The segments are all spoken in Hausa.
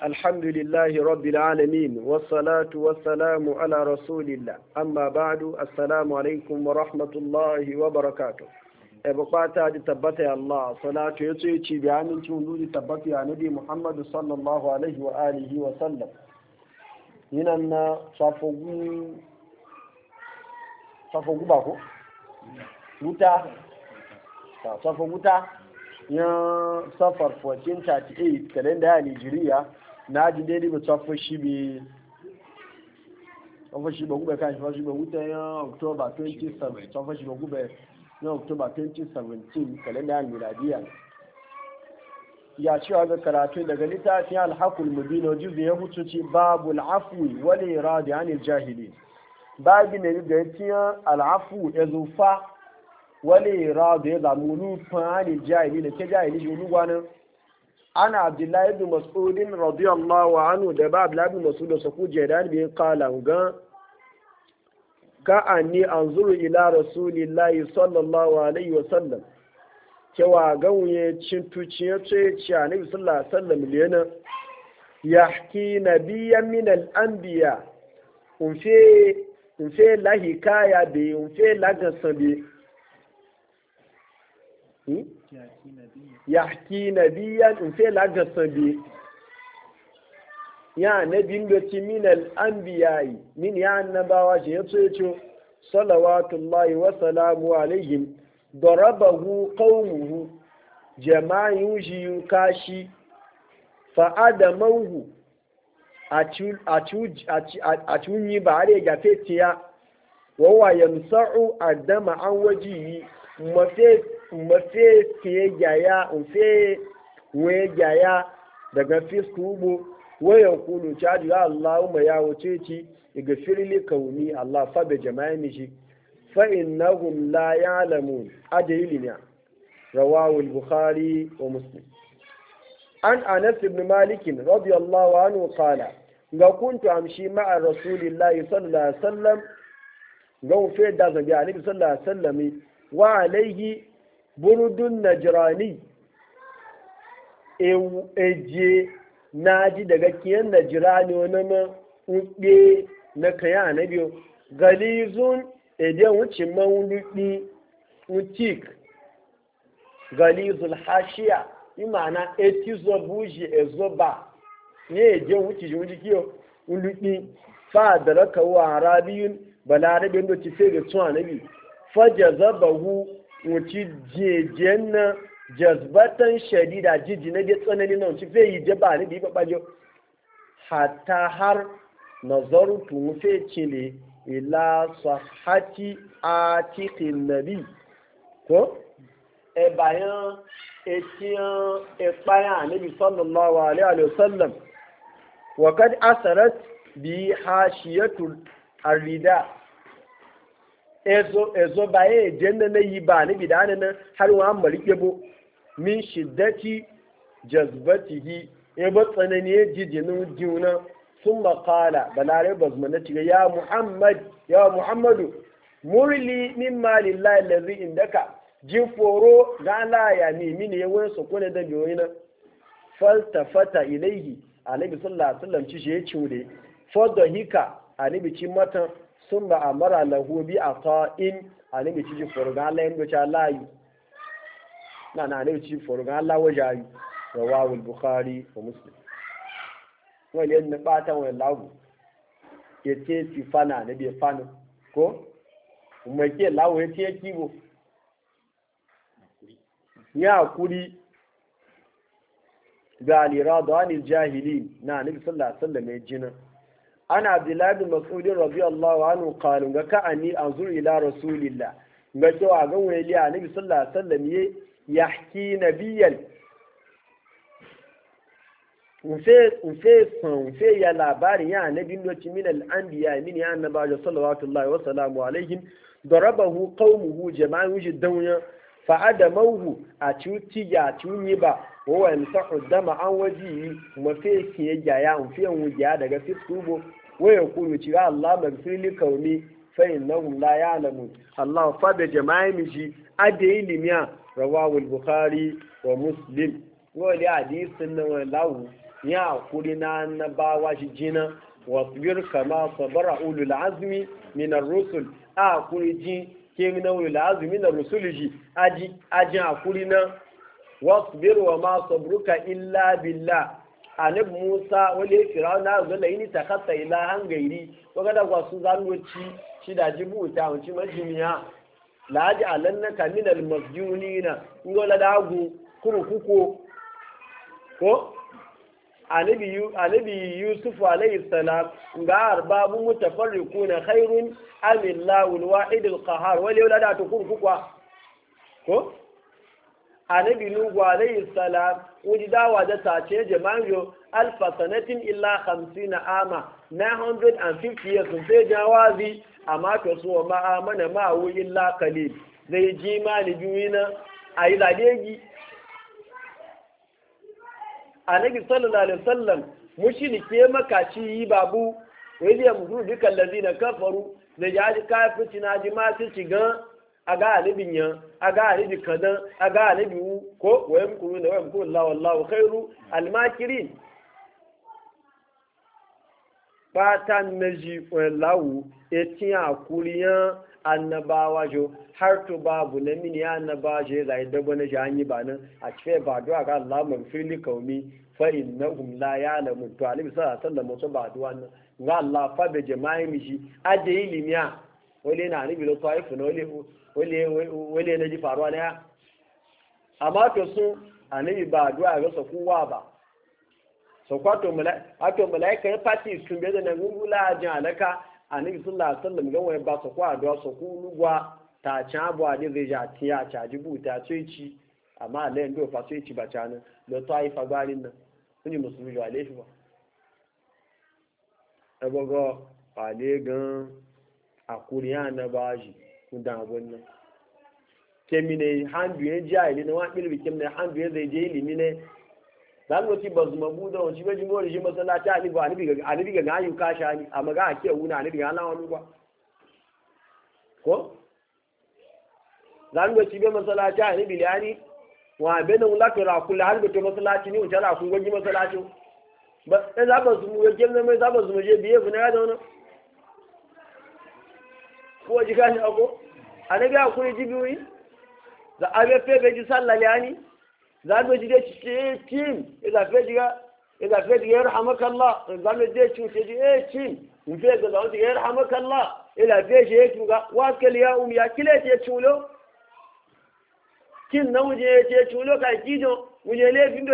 alhamdulillahi rabbi da alamin wasalatu wasalamu ala rasulillah amma ba'adu assalamu alaikum wa rahmatullahi wa barakatu ebe kwata ji tabbata Allah salatu ya ce ci biya cin nuri tabbata ya nabi muhammadu sallallahu alaihi wuta? ya safar 1438 kalenda ya nigeria na ajin daidai ba tsafin shi bi tsafin shi ba gube kan shi ba wuta ya october 2017 tsafin shi ba gube na october 2017 kalenda ya miladiya ya cewa ga karatu daga littafin alhakul mubino juzu ya ci babu al'afwi wani iradi anil jahili babu ne ga yatiyan al'afu ya zufa wani rabu ya zamu lufin hannun jahili da ke jahili shi lugwanin ana abdullahi bin mas'udin radiyallahu anhu da ba abdullahi bin mas'ud da saku jaidan bin kalan gan ka an zuru ila rasulillahi sallallahu alaihi wa sallam cewa ganye cin tuciye ce ce nabi sallallahu alaihi wasallam lena yahki nabiyyan min al-anbiya unfe unfe lahikaya be unfe lagasan be yàkí nàbí yá nfẹ́ lágàsán bi yá nàbí ndọ̀tí mínal anbiyayi min yá annabawa ṣe yẹtọ́ yẹtọ́ salawatullahi wa salamu alayhim darabahu qawmuhu jama'in shi kashi fa adamahu a cunyi ba da gafe tiya wa wa a dama an wajihi mafe mafe fiye gyaya mafe waye gyaya daga fiskubu waye kulu caji ya umar ya wuce ci iga firli kauni Allah jama'in da fa'in na gula ya alamu ya'lamun yi rawahu rawawul Buhari wa Musulmi. an anas ibn malik radiyallahu anhu qala ga kuntu amshi ma'a rasulillahi sallallahu alaihi wasallam ga fe da zabi alaihi sallallahu alaihi wasallam wa alaihi burdun najirani eje na ji daga kiyan najirani wani na uɓe na kaya na biyu galizun ejen wuce mauluɗi utik galizul hashiya imana eti zobuji ezoba ne eje wuce ji wuce kiyo uluɗi fa da raka wa arabiyun balarabin da ci fere Fajar zaba hu. wuci jejen na jazbatan shadida jiji na dai tsanani na wuci zai yi jaba ni bi babajo hatta har nazaru tun fai cile ila sahati cikin nabi ko e bayan etiyan ekpayan nabi sallallahu alaihi wa sallam wa kad asarat bi hashiyatul arida ezo ba ya je na yi ba ni bida na har wa malike bo min shiddati jazbatihi E, ba tsanani ya jijinin jiuna sun makala balare bazmana ciga ya muhammad ya muhammadu murli min malillahi lazi indaka jin foro ga laya ne mini ya wani da biyoyi na faltafata ilaihi alaihi sallallahu alaihi wasallam ci shi ya ciwo da fadda hika alaihi ci matan sun ba amara lahu bi a ta'in a ne ci ji furga la yin layu na na ne ci furga la da wawul bukari wa muslim wani yadda bata wani lagu ya ce fi fana na bai fana ko mai ke lagu ya ce kibo ya kuri ga da wani jahili na nufi sallallahu alaihi wasallam ya أنا عبد الله بن مسعود رضي الله عنه قال وكا أني أنظر إلى رسول الله مجو أغنو إليه النبي صلى الله عليه وسلم يحكي نبيا وفي وفي يا لابار يا نبي نوت من الأنبياء من يا يعني النبي صلى الله عليه وسلم عليهم ضربه قومه جماعة وجد دونه fa'adamahu a cuti ya cunyi ba wa yamsa dama an waji kuma fe ya jaya an fiye wujiya daga fitubo wa ya kuru cira Allah magfirli kaumi fa wula la ya'lamun Allah fa da jama'i miji ade ilimiya rawahu al-bukhari wa muslim wani hadisin nan wani lawu ya kuri na annabawa shi jina wasbir kama sabara ulul azmi min ar-rusul a kuri jin ke na wani lazumi na rusuliji ajin kuri na wasbiru wa ma sabruka illa billah anab musa wale firawna zalla yini takatta ila an gairi waga da kwa su zanwoci shi da jibu ta wanci majimiya la ji alannaka min al masjunina ngola agu kuru kuko ko anabi yusuf alayhi salam ga arbabun mutafarriquna khairun am illahu alwahid alqahar wal yawla da to kurkuwa ko anabi nuhu alayhi salam wuji dawa da tace jama'an alfa sanatin illa 50 ama 950 years sun sai jawazi amma to so ma amana ma illa qalil zai ji ma ni ayi ladegi annabi sallallahu alaihi wasallam mushrike makaci yi babu wa yadda mu duka na kafaru da ya ji kafirci na ji masu su shiga a ga alibin yan a ga alibi kadan a ga alibi wu ko wa yamkuru da wa yamkuru Allah wallahu khairu almakirin batan naji wallahu etin akuriyan annabawa jo har to babu na mini annaba je zai dabo na ji yi ba nan a cikin ba duwa ga Allah fili kaumi fa innahum la ya'lamu to alim sallallahu alaihi wasallam to ba duwa nan ga Allah fa be jama'i mi shi ade ilimiya wale na ni bilo taif na wale wale wale na ji faruwa na amma to su anabi ba duwa ga su kuwa ba so kwato mala ato malaika ya fati sun be da nan gungula ajin alaka annabi sallallahu alaihi wasallam ga wai ba su kwa da su ku lugwa ta ci abu a ne zai ja ti ya ci ajibu ta ce ci amma a do fa ce ci ba ci nan da ta yi fagarin nan sun yi musulmi da alaifi ba ɗabago ne gan a kuriya na ji kun da abun nan kemi ne handu ya ji a ilina wa ilimin kemi ne handu ya zai je ilimi ne zangoci ba su mabu da wanci bai jimori shi masallaci a nibi a nibi ga gayu kasha ni a maga a wuna a nibi ga alawa nugwa ko zangoci bai masallaci a nufi da ani, wa bai da wula kira kula har bato masallaci ni wuce rakun gwaji masallaci ba ɗan ba su mu yake na mai zaɓa su mu je biye funa ya zauna ko ji kashi ako a nibi a kuri jibiyoyi za a bai fe bai ji zame ji dai eh, ce eh, tim ila fe diga ila fe diga yarhamakallah zame dai ci ce ji tim in fe ga zame diga yarhamakallah ila fe je ki ga wa kal ya um ya kile ce chulo kin na wuje ce chulo kai kido wuje le bindo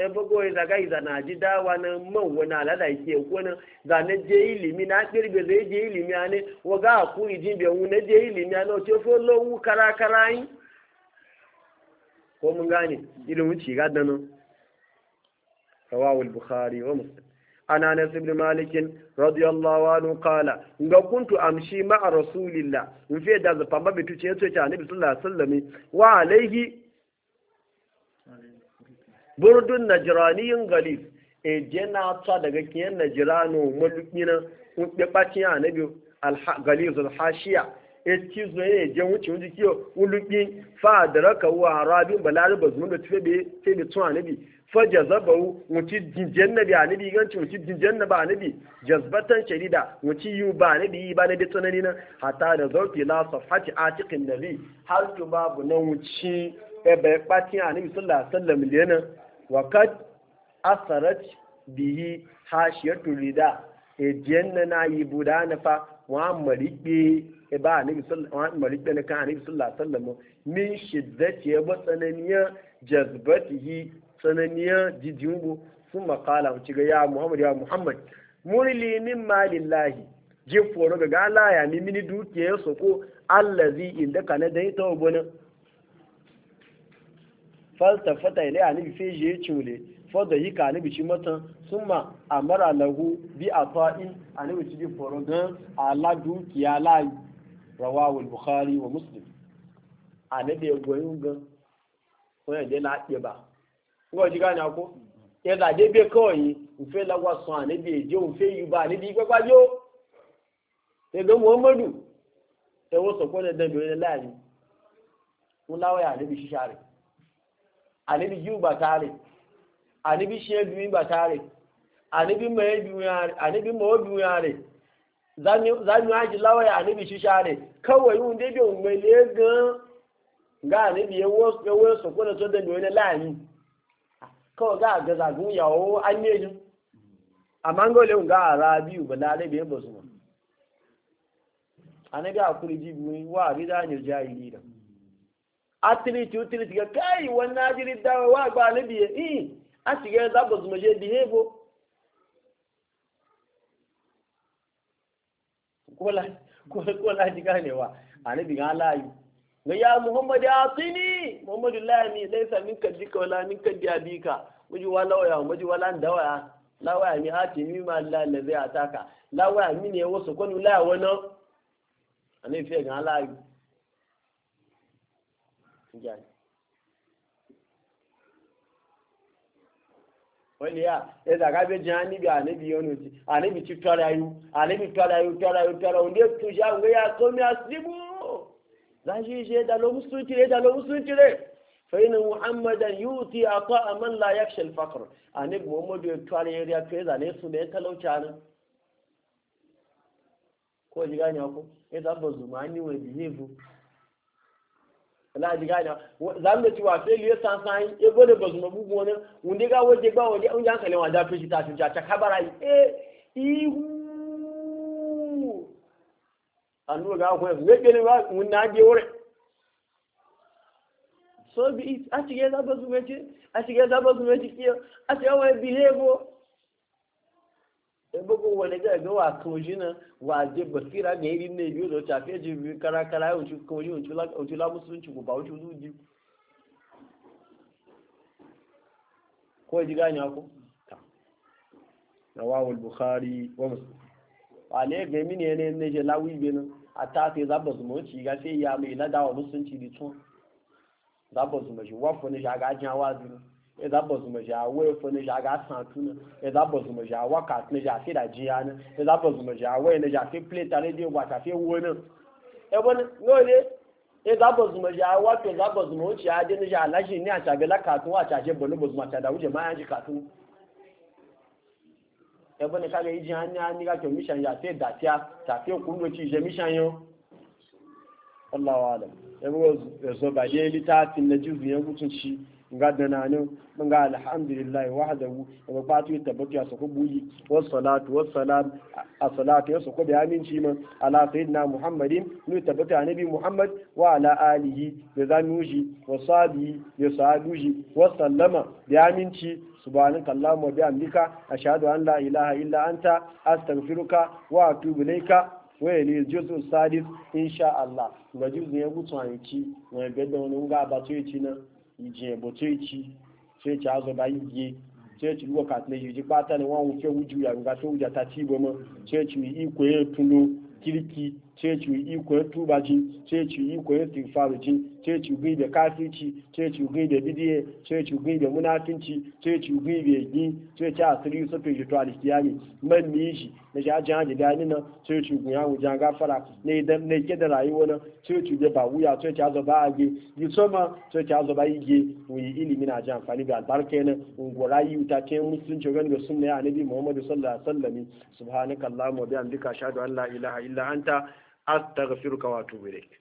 in bugu wai zaga iza e na ji dawa na man wani alada ke kuna ga na je ilimi na kirbe zai e e je ilimi a ne wa ga a kuri jin bai wu na je ilimi a nau ce fi lowu kara yi ko mun gane ilimin ci ga dano rawawul bukhari wa musa ana na sibin malikin radiyallahu anhu kala ga kuntu amshi ma a rasulillah in fiye da zafan mabitu ce ya ce ta ne bisu da sallami wa alaihi burdun najiraniyin galif e je na ta daga kiyan najirano mulkina ubbe ɓacin ya na biyu galif hashiya e ci zo e je wuce wuce kiyo ulukin fa daraka raka wa harabin balari ba zuwa da tafe bai tun anabi fa jazabu wuce jinjen na anabi ganci wuce jinjen na anabi jazbatan shadida wuce yu ba anabi ba na bai tsanani na hata da zauki la safati atiqin nabi har babu nan wuce ebe ɓacin anabi sallallahu alaihi wasallam na. wakad asarat bihi hashiyar turida ejiyan na na yi buda na fa wa marikpe eba anibi sallama na kan anibi sallama sallama min shiddati ya ba tsananiyar jazbatihi tsananiyar jijiyungu sun makala wuce ga ya muhammad ya muhammad murili min malin lahi jefuwa ga gala ya mini dukiyar soko allazi inda ka na dai ta obonin faltafata ilai annabi fe je cule fada yi ka annabi ci mata summa amara lahu bi ata'in annabi ci foro gan ala dukiya la rawahu al-bukhari wa muslim annabi goyin gan wọ́n yẹ̀ la pè bá ngọ́ jí ká ní akó ẹ̀dà débé kọ́ yìí òfé lọ́wọ́ sàn àníbi èjì òfé yorùbá níbi pẹ́pá yó ẹ̀dọ́ muhammadu ẹ̀wọ́ sọ̀kọ́ ẹ̀dẹ́gbẹ̀rẹ̀ láàyè ńláwọ̀ yà níbi ṣíṣà rẹ̀. anibi ju batare anibi shedu batare anibi maedu yare anibi modu yare zanu aji lawaya anibi shishare kawai un debe un mele ga anibi yawo yawo so ko to da ne lani kawai ga ga zagun yawo an ne amma unga ara ga arabiu balare be bosu akuri wa atiriti utiriti ga kai wannan ajiri dawa wa ba ya a shiga za ba zuma je behebo kola ji ganewa alibi ga layu ga ya muhammad ya muhammad min wala min muji wa mi hati mi ma zai ataka mi ne wasu ga layu jani wani ya ya zaga bai jin hannibi anabi yano ji anabi ci tara yu anabi tara yu tara yu tara wanda tu ja wai ya so mi asibu za shi shi da lo musun tire da lo musun tire fa inna muhammadan yuti ata man la yakhsha al faqr anabi muhammadu ya tara ya ya kai zane su ne talauca nan ko ji gani ko ya zaba zuma ni wai behave la ji gane da cewa sai liya san san e gode ba su mabu gona wanda ga waje ba waje an jankale wa da fishi ta tunja ta kabara e eh, ihu anu ga ko ne gele ba mun na je wore so bi a cike da ba su mece a cike da ba su a wa sai bugu wani ga ga wa koji na wa je basira ga irin ne biyu da tafiya je biyu kara kara yau ci koji wuci la wuci la musulunci ko ba wuci zuji ko ji e gani ko rawahu al-bukhari wa muslim wale ga mini ne ne je lawi bin a ta sai zaba zumunci ga sai ya mai ladawa musulunci da tun zaba zumunci wa ko ne ga ga jawazi eza bɔzu mɛ zaa wɔ efo ne zaa gaa san tu ne eza bɔzu mɛ zaa wɔ ne zaa fi da dzia ne eza bɔzu mɛ zaa wɔ ne wa zaa fi wo ne ebo ne n'ole eza bɔzu mɛ zaa wɔ to eza bɔzu o ne zaa ala zi ne atsa bela kaatu wa dze bɔ ne atsa da o dze ma ya dzi ne yi dzi ani ani ka tɔ misɛn zaa fi da tia zaa fi kun do tsi zɛ misɛn ɔlɔwɔ ga dananin mun ga alhamdulillah wahdahu wa fatu tabbatu ya sako buyi wa salatu wa salam a salatu ya sako bayanin aminci man ala sayyidina muhammadin nu tabbatu annabi muhammad wa ala alihi da zanuji wa sabi ya saduji wa sallama bayanin aminci subhanaka allahumma wa bihamdika ashhadu an la ilaha illa anta astaghfiruka wa atubu ilayka wọ́n ni jésù sáàdì inṣàlá ìgbàjú ìgbìyànjú tó àyíkí wọ́n ẹgbẹ́gbẹ́ wọn ní ń gá àbátó ètí náà ìjìn ẹ̀bọ̀ tí ó ti tí ó ti azọba yíye tí ó ti lúwọ̀ kàtìlẹ̀ yìí pátá ni wọ́n fẹ́ wújú àgbà tó wújà tàbí ìbọn mọ́ tí ó ti ikọ̀ ẹ̀ tún ló kíríkì tí ó ti ikọ̀ ẹ̀ túbàjì tí ó ti ikọ̀ ẹ̀ tìfàrùjì ce cugai da kafici ce cugai da bidiye ce cugai da munafinci ce cugai da yi ce ce asiri su fi jito alkiyami man yi shi na shi ajiyar da gani nan ce cugun ya wujan gafara na idan ne ke da rayuwa nan ce da ba wuya ce ce azaba a ge yi soma ce ce azaba yi ge wuyi ilimi na ji amfani da albarka yana ungwara yi wuta ke musulunci gani da sunna ya anabi muhammadu sallallahu alaihi wasallam biyan bihamdika ashhadu an la ilaha illa anta astaghfiruka wa atubu ilaik